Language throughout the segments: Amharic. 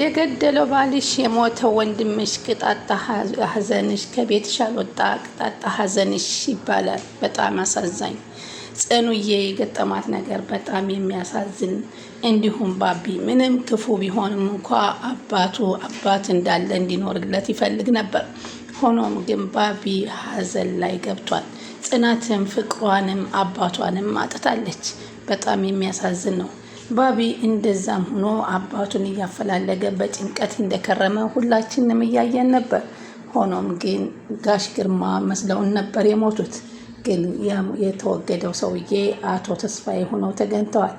የገደለው ባልሽ የሞተ ወንድምሽ ቅጣጣ ሐዘንሽ ከቤትሽ አልወጣ ቅጣጣ ሐዘንሽ ይባላል። በጣም አሳዛኝ ጽኑዬ የገጠማት ነገር በጣም የሚያሳዝን እንዲሁም ባቢ ምንም ክፉ ቢሆንም እንኳ አባቱ አባት እንዳለ እንዲኖርለት ይፈልግ ነበር። ሆኖም ግን ባቢ ሐዘን ላይ ገብቷል። ጽናትም ፍቅሯንም አባቷንም አጥታለች። በጣም የሚያሳዝን ነው። ባቢ እንደዛም ሆኖ አባቱን እያፈላለገ በጭንቀት እንደከረመ ሁላችንም እያየን ነበር። ሆኖም ግን ጋሽ ግርማ መስለውን ነበር የሞቱት። ግን የተወገደው ሰውዬ አቶ ተስፋዬ ሆነው ተገኝተዋል።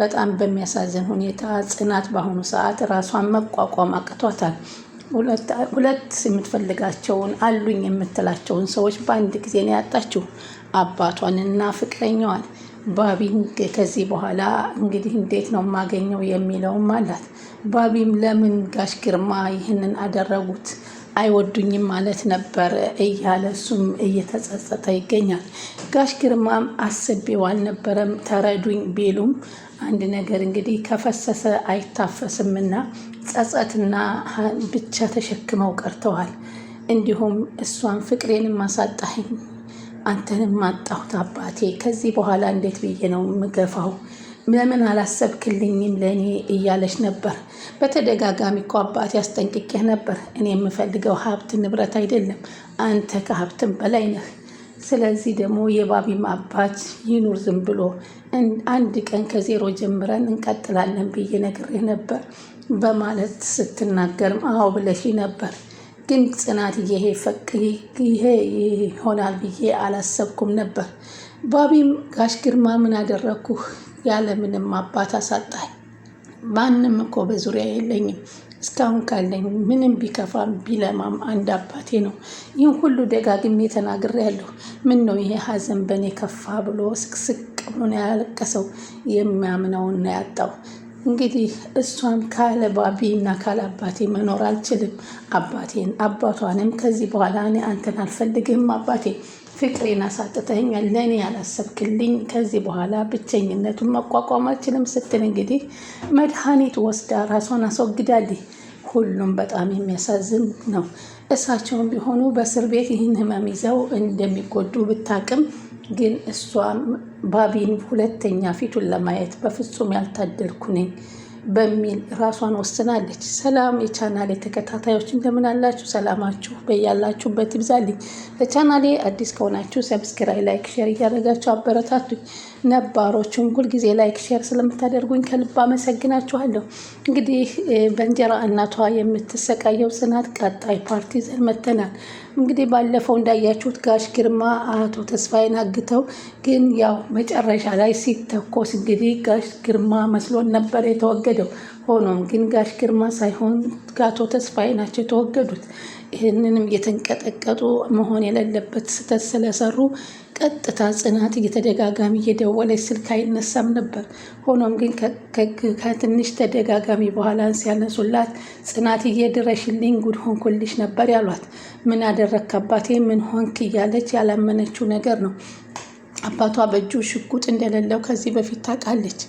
በጣም በሚያሳዝን ሁኔታ ጽናት በአሁኑ ሰዓት ራሷን መቋቋም አቅቷታል። ሁለት የምትፈልጋቸውን አሉኝ የምትላቸውን ሰዎች በአንድ ጊዜ ነው ያጣችው፣ አባቷንና ፍቅረኛዋን። ባቢን ከዚህ በኋላ እንግዲህ እንዴት ነው የማገኘው የሚለውም አላት። ባቢም ለምን ጋሽ ግርማ ይህንን አደረጉት አይወዱኝም ማለት ነበር እያለ እሱም እየተጸጸተ ይገኛል። ጋሽ ግርማም አስቤው አልነበረም ተረዱኝ ቢሉም አንድ ነገር እንግዲህ ከፈሰሰ አይታፈስምና ጸጸትና ብቻ ተሸክመው ቀርተዋል። እንዲሁም እሷን ፍቅሬንም አሳጣኝ አንተንም አጣሁት አባቴ። ከዚህ በኋላ እንዴት ብዬ ነው የምገፋው? ለምን አላሰብክልኝም ለእኔ እያለች ነበር። በተደጋጋሚ እኮ አባቴ አስጠንቅቄህ ነበር። እኔ የምፈልገው ሀብት ንብረት አይደለም፣ አንተ ከሀብትም በላይ ነህ። ስለዚህ ደግሞ የባቢም አባት ይኑር ዝም ብሎ አንድ ቀን ከዜሮ ጀምረን እንቀጥላለን ብዬ ነግሬህ ነበር በማለት ስትናገርም አዎ ብለሽ ነበር። ግን ጽናትዬ ይሄ ፈቅ ይሄ ይሆናል ብዬ አላሰብኩም ነበር። ባቢም ጋሽ ግርማ ምን ያለ ምንም አባት አሳጣኝ። ማንም እኮ በዙሪያ የለኝም እስካሁን ካለኝ ምንም ቢከፋም ቢለማም አንድ አባቴ ነው። ይህን ሁሉ ደጋግሜ ተናግሬያለሁ። ምን ነው ይሄ ሀዘን በእኔ ከፋ ብሎ ስቅስቅ ብሎ ያለቀሰው። የሚያምነውን ነው ያጣው። እንግዲህ እሷም ካለ ባቢ እና ካለ አባቴ መኖር አልችልም። አባቴን አባቷንም ከዚህ በኋላ እኔ አንተን አልፈልግህም። አባቴ ፍቅሬን አሳጥተኸኛል፣ ለእኔ ያላሰብክልኝ፣ ከዚህ በኋላ ብቸኝነቱን መቋቋም አልችልም ስትል እንግዲህ መድኃኒት ወስዳ ራሷን አስወግዳልህ። ሁሉም በጣም የሚያሳዝን ነው። እሳቸውም ቢሆኑ በእስር ቤት ይህን ህመም ይዘው እንደሚጎዱ ብታቅም ግን እሷ ባቢን ሁለተኛ ፊቱን ለማየት በፍጹም ያልታደልኩ ነኝ በሚል ራሷን ወስናለች። ሰላም የቻናሌ ተከታታዮች እንደምን አላችሁ? ሰላማችሁ በያላችሁበት ይብዛልኝ። ለቻናሌ አዲስ ከሆናችሁ ሰብስክራይ፣ ላይክ፣ ሼር እያደረጋችሁ አበረታቱኝ። ነባሮችም ሁልጊዜ ላይክ፣ ሼር ስለምታደርጉኝ ከልብ አመሰግናችኋለሁ። እንግዲህ በእንጀራ እናቷ የምትሰቃየው ጽናት ቀጣይ ፓርቲ ዘር መተናል እንግዲህ ባለፈው እንዳያችሁት ጋሽ ግርማ አቶ ተስፋዬን አግተው፣ ግን ያው መጨረሻ ላይ ሲተኮስ እንግዲህ ጋሽ ግርማ መስሎን ነበር የተወገደው። ሆኖም ግን ጋሽ ግርማ ሳይሆን አቶ ተስፋዬ ናቸው የተወገዱት። ይህንንም እየተንቀጠቀጡ መሆን የሌለበት ስህተት ስለሰሩ ቀጥታ ጽናት እየተደጋጋሚ እየደወለች ስልክ አይነሳም ነበር። ሆኖም ግን ከትንሽ ተደጋጋሚ በኋላ ሲያነሱላት ጽናት እየድረሽልኝ ጉድ ሆንኩልሽ ነበር ያሏት። ምን አደረግክ አባቴ ምን ሆንክ እያለች ያላመነችው ነገር ነው። አባቷ በእጁ ሽጉጥ እንደሌለው ከዚህ በፊት ታውቃለች።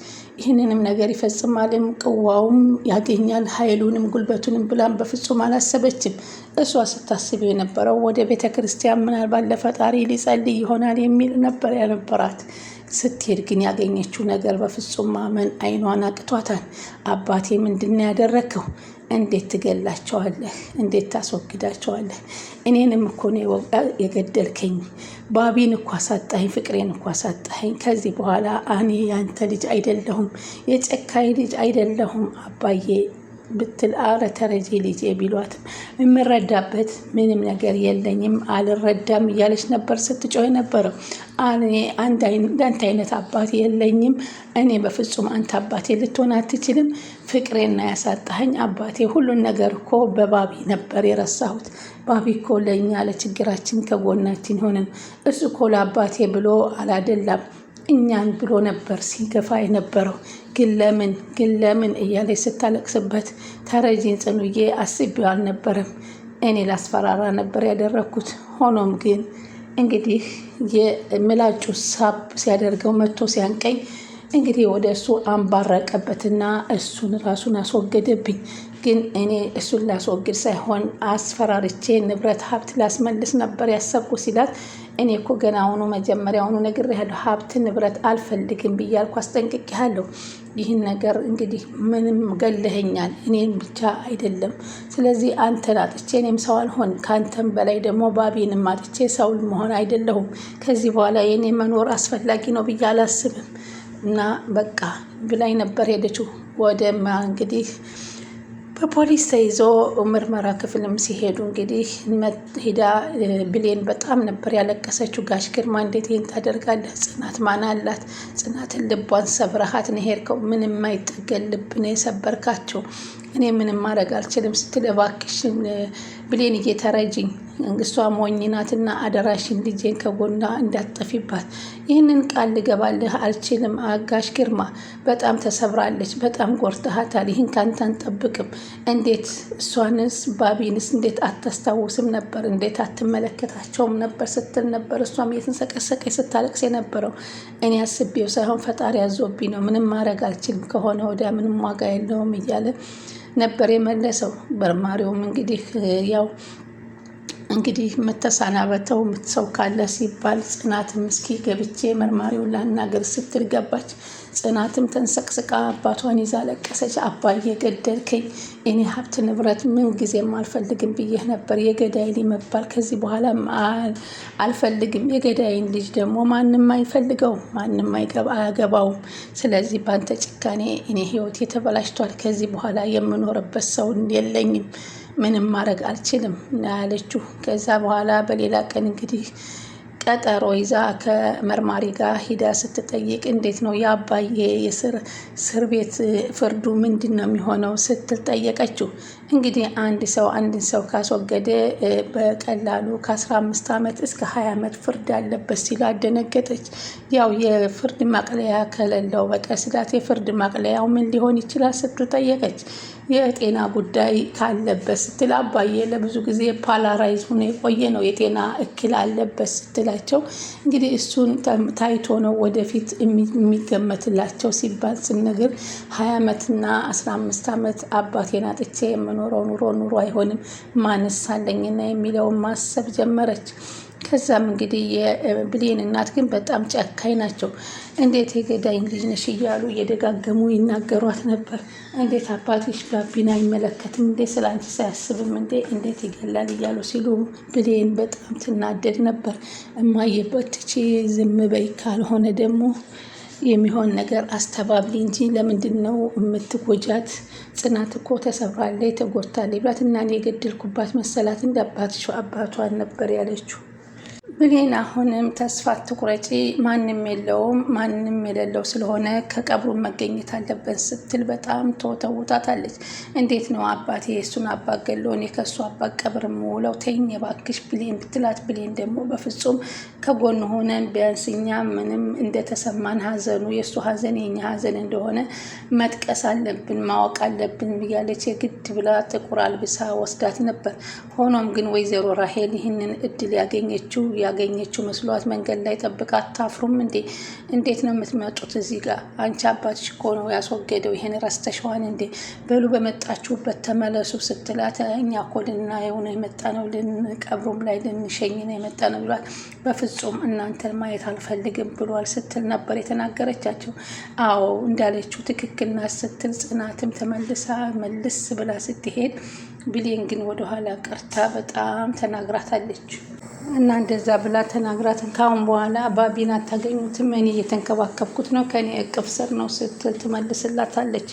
ይህንንም ነገር ይፈጽማልም፣ ቅዋውም ያገኛል፣ ኃይሉንም ጉልበቱንም ብላም በፍጹም አላሰበችም። እሷ ስታስብ የነበረው ወደ ቤተ ክርስቲያን ምናልባት ለፈጣሪ ሊጸልይ ይሆናል የሚል ነበር ያነበራት። ስትሄድ ግን ያገኘችው ነገር በፍጹም ማመን አይኗን አቅቷታል። አባቴ ምንድን ያደረግከው? እንዴት ትገላቸዋለህ? እንዴት ታስወግዳቸዋለህ? እኔንም እኮ ነው የገደልከኝ። ባቢን እኮ አሳጣኸኝ፣ ፍቅሬን እኮ አሳጣኸኝ። ከዚህ በኋላ እኔ ያንተ ልጅ አይደለሁም፣ የጨካኝ ልጅ አይደለሁም አባዬ ብትል አረ ተረጂ ልጄ ቢሏትም የምረዳበት ምንም ነገር የለኝም አልረዳም እያለች ነበር ስትጮህ ነበረው። አንተ አይነት አባት የለኝም እኔ በፍጹም አንተ አባቴ ልትሆን አትችልም። ፍቅሬና ያሳጣኸኝ አባቴ፣ ሁሉን ነገር እኮ በባቢ ነበር የረሳሁት። ባቢ እኮ ለእኛ ለችግራችን ከጎናችን ሆነን እሱ እኮ ለአባቴ ብሎ አላደላም እኛን ብሎ ነበር ሲገፋ የነበረው። ግን ለምን ግን ለምን እያለች ስታለቅስበት፣ ተረጂን ጽኑዬ አስቢው አልነበረም። እኔ ላስፈራራ ነበር ያደረግኩት። ሆኖም ግን እንግዲህ የምላጩ ሳብ ሲያደርገው መቶ ሲያንቀኝ እንግዲህ ወደ እሱ አንባረቀበትና እሱን ራሱን አስወገደብኝ። ግን እኔ እሱን ላስወግድ ሳይሆን አስፈራርቼ ንብረት ሀብት ላስመልስ ነበር ያሰብኩ ሲላት እኔ እኮ ገና አሁኑ መጀመሪያውኑ ነግሬሃለሁ፣ ሀብት ንብረት አልፈልግም ብያልኩ አስጠንቅቄሃለሁ። ይህን ነገር እንግዲህ ምንም ገለኸኛል፣ እኔን ብቻ አይደለም። ስለዚህ አንተን አጥቼ እኔም ሰው አልሆን፣ ከአንተም በላይ ደግሞ ባቢንም አጥቼ ሰው መሆን አይደለሁም። ከዚህ በኋላ የእኔ መኖር አስፈላጊ ነው ብዬ አላስብም እና በቃ ብላኝ ነበር ሄደችው ወደማ እንግዲህ በፖሊስ ተይዞ ምርመራ ክፍልም ሲሄዱ እንግዲህ ሂዳ ብሌን በጣም ነበር ያለቀሰችው። ጋሽ ግርማ እንዴት ይህን ታደርጋለህ? ጽናት ማን አላት? ጽናትን ልቧን ሰብረሃት ነው ሄድከው። ምን የማይጠገን ልብ ነው የሰበርካቸው። እኔ ምንም ማድረግ አልችልም ስትል እባክሽ ብሌን እየተረጅኝ መንግስቷ ሞኝ ናትና አደራሽን ልጄን ከጎኗ እንዳትጠፊባት። ይህንን ቃል ልገባልህ አልችልም። አጋሽ ግርማ በጣም ተሰብራለች፣ በጣም ጎርተሃታል። ይህን ካንተ አንጠብቅም። እንዴት እሷንስ ባቢንስ እንዴት አታስታውስም ነበር? እንዴት አትመለከታቸውም ነበር ስትል ነበር እሷም እየተንሰቀሰቀች ስታለቅስ የነበረው። እኔ አስቤው ሳይሆን ፈጣሪ ያዞብኝ ነው። ምንም ማድረግ አልችልም። ከሆነ ወዲያ ምንም ዋጋ የለውም እያለ ነበር የመለሰው። መርማሪውም እንግዲህ ያው እንግዲህ ምተሳናበተው ምትሰው ካለ ሲባል ጽናትም እስኪ ገብቼ መርማሪውን ላናገር ስትል ገባች። ጽናትም ተንሰቅስቃ አባቷን ይዛ ለቀሰች። አባዬ እየገደልከኝ እኔ ሀብት ንብረት ምን ጊዜም አልፈልግም ብዬህ ነበር። የገዳይን መባል ከዚህ በኋላ አልፈልግም። የገዳይን ልጅ ደግሞ ማንም አይፈልገው፣ ማንም አያገባውም። ስለዚህ ባንተ ጭካኔ እኔ ህይወት የተበላሽቷል። ከዚህ በኋላ የምኖርበት ሰውን የለኝም። ምንም ማድረግ አልችልም ያለችው። ከዛ በኋላ በሌላ ቀን እንግዲህ ቀጠሮ ይዛ ከመርማሪ ጋር ሂዳ ስትጠይቅ እንዴት ነው የአባዬ የስር ቤት ፍርዱ ምንድን ነው የሚሆነው ስትል ጠየቀችው። እንግዲህ አንድ ሰው አንድን ሰው ካስወገደ በቀላሉ ከ15 ዓመት እስከ 20 ዓመት ፍርድ አለበት ሲል አደነገጠች። ያው የፍርድ ማቅለያ ከሌለው በቀር ስላት የፍርድ ማቅለያው ምን ሊሆን ይችላል ስትል ጠየቀች። የጤና ጉዳይ ካለበት ስትል አባዬ ለብዙ ጊዜ ፓላራይዝ ሆኖ የቆየ ነው የጤና እክል አለበት ስትላቸው እንግዲህ እሱን ታይቶ ነው ወደፊት የሚገመትላቸው ሲባል ስንግር 20 ዓመትና 15 ዓመት አባቴን አጥቼ የምኖ ኑሮ ኑሮ ኑሮ አይሆንም ማንሳለኝና የሚለውን ማሰብ ጀመረች። ከዛም እንግዲህ የብሌን እናት ግን በጣም ጨካኝ ናቸው። እንዴት የገዳይ ልጅ ነሽ እያሉ እየደጋገሙ ይናገሯት ነበር። እንዴት አባትሽ ጋቢን አይመለከትም እንዴ? ስለ አንቺ ሳያስብም እንዴ? እንዴት ይገላል እያሉ ሲሉ ብሌን በጣም ትናደድ ነበር። እማየበት ትቼ ዝም በይ ካልሆነ ደግሞ የሚሆን ነገር አስተባብሊ እንጂ ለምንድን ነው የምትጎጃት? ጽናት እኮ ተሰብራለች፣ ተጎድታለች ብላት እና እኔ የገደልኩባት መሰላት እንደ አባትሽ አባቷን ነበር ያለችው። ብሌን አሁንም ተስፋ አትቁረጪ፣ ማንም የለውም ማንም የሌለው ስለሆነ ከቀብሩ መገኘት አለበት ስትል በጣም ተውጣታለች። እንዴት ነው አባቴ የእሱን አባት ገሎ እኔ ከእሱ አባት ቀብር የምውለው? ተኝ የባክሽ ብሌን ብትላት፣ ብሌን ደግሞ በፍጹም ከጎን ሆነን ቢያንስ እኛ ምንም እንደተሰማን ሀዘኑ የእሱ ሀዘን የኛ ሀዘን እንደሆነ መጥቀስ አለብን ማወቅ አለብን እያለች የግድ ብላ ጥቁር አልብሳ ወስዳት ነበር። ሆኖም ግን ወይዘሮ ራሄል ይህንን እድል ያገኘችው ያገኘችው መስሏት መንገድ ላይ ጠብቃ አታፍሩም እንዴ? እንዴት ነው የምትመጡት እዚህ ጋር? አንቺ አባትሽ እኮ ነው ያስወገደው፣ ይሄን ረስተሸዋን እንዴ? በሉ በመጣችሁበት ተመለሱ ስትላት እኛ እኮ ልናየው ነው የመጣ ነው፣ ልንቀብሩም ላይ ልንሸኝ ነው የመጣ ነው ብሏል። በፍጹም እናንተን ማየት አልፈልግም ብሏል ስትል ነበር የተናገረቻቸው። አዎ እንዳለችው ትክክልና ስትል ጽናትም ተመልሳ መልስ ብላ ስትሄድ ብሌን ግን ወደኋላ ቀርታ በጣም ተናግራታለች። እና እንደዛ ብላ ተናግራትን ካሁን በኋላ ባቢን አታገኙትም፣ እኔ እየተንከባከብኩት ነው፣ ከኔ እቅፍ ስር ነው ስትል ትመልስላታለች።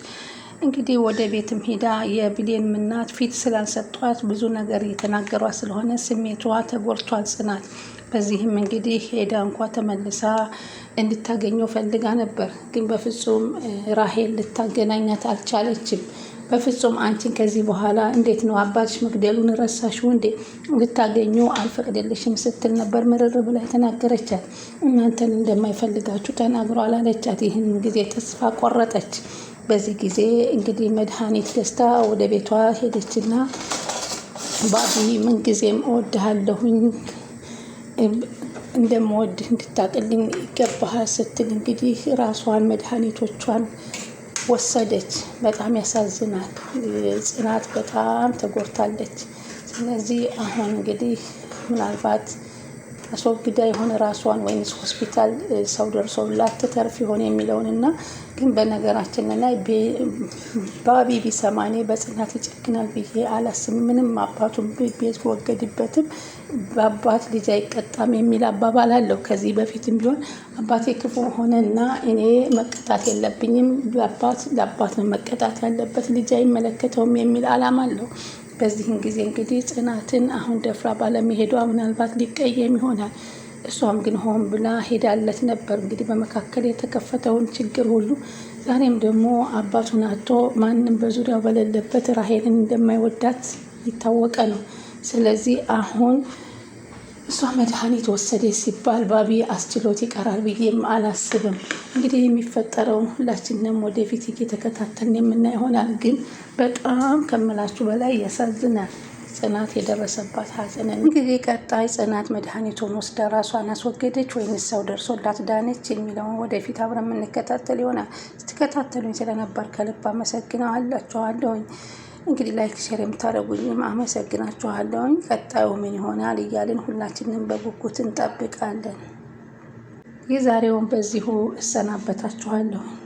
እንግዲህ ወደ ቤትም ሄዳ የብሌን ምናት ፊት ስላልሰጧት ብዙ ነገር እየተናገሯ ስለሆነ ስሜቷ ተጎድቷል ጽናት። በዚህም እንግዲህ ሄዳ እንኳ ተመልሳ እንድታገኘው ፈልጋ ነበር፣ ግን በፍጹም ራሄል ልታገናኛት አልቻለችም። በፍጹም አንቺን ከዚህ በኋላ እንዴት ነው አባትሽ መግደሉን ረሳሽ እንዴ? ልታገኙ አልፈቅድልሽም ስትል ነበር ምርር ብላ የተናገረቻት። እናንተን እንደማይፈልጋችሁ ተናግሯል አለቻት። ይህን ጊዜ ተስፋ ቆረጠች። በዚህ ጊዜ እንግዲህ መድኃኒት ደስታ ወደ ቤቷ ሄደችና ባቢ ምንጊዜም እወድሃለሁኝ እንደምወድ እንድታቅልኝ ይገባሃል ስትል እንግዲህ ራሷን መድኃኒቶቿን ወሰደች። በጣም ያሳዝናል። ጽናት በጣም ተጎድታለች። ስለዚህ አሁን እንግዲህ ምናልባት አስወግዳ የሆነ ራሷን ወይንስ ሆስፒታል ሰው ደርሶላት ትተርፍ ይሆን የሚለውን እና ግን በነገራችን ላይ ባቢ ቢሰማኔ በጽናት ይጨክናል ብዬ አላስብም። ምንም አባቱን ቢወገድበትም በአባት ልጅ አይቀጣም የሚል አባባል አለው። ከዚህ በፊትም ቢሆን አባቴ ክፉ ሆነና እኔ መቀጣት የለብኝም፣ ለአባት ነው መቀጣት ያለበት፣ ልጅ አይመለከተውም የሚል አላማ አለው። በዚህን ጊዜ እንግዲህ ጽናትን አሁን ደፍራ ባለመሄዷ ምናልባት ሊቀየም ይሆናል። እሷም ግን ሆን ብላ ሄዳለት ነበር። እንግዲህ በመካከል የተከፈተውን ችግር ሁሉ ዛሬም ደግሞ አባቱን አቶ ማንም በዙሪያው በሌለበት ራሄልን እንደማይወዳት ይታወቀ ነው። ስለዚህ አሁን እሷ መድኃኒት ወሰደ ሲባል ባቢ አስችሎት ይቀራል ብዬም አላስብም። እንግዲህ የሚፈጠረውን ሁላችንም ወደፊት እየተከታተልን የምና ይሆናል። ግን በጣም ከምላችሁ በላይ ያሳዝናል ጽናት የደረሰባት ሐዘን እንግዲህ ቀጣይ ጽናት መድኃኒቱን ወስዳ ራሷን አስወገደች ወይም ሰው ደርሶላት ዳነች የሚለውን ወደፊት አብረን የምንከታተል ይሆናል። ስትከታተሉኝ ስለነበር ከልብ አመሰግናለሁ። እንግዲህ ላይክ ሼር የምታደርጉኝም አመሰግናችኋለሁኝ። ቀጣዩ ምን ይሆናል እያልን ሁላችንም በጉጉት እንጠብቃለን። የዛሬውን በዚሁ እሰናበታችኋለሁኝ።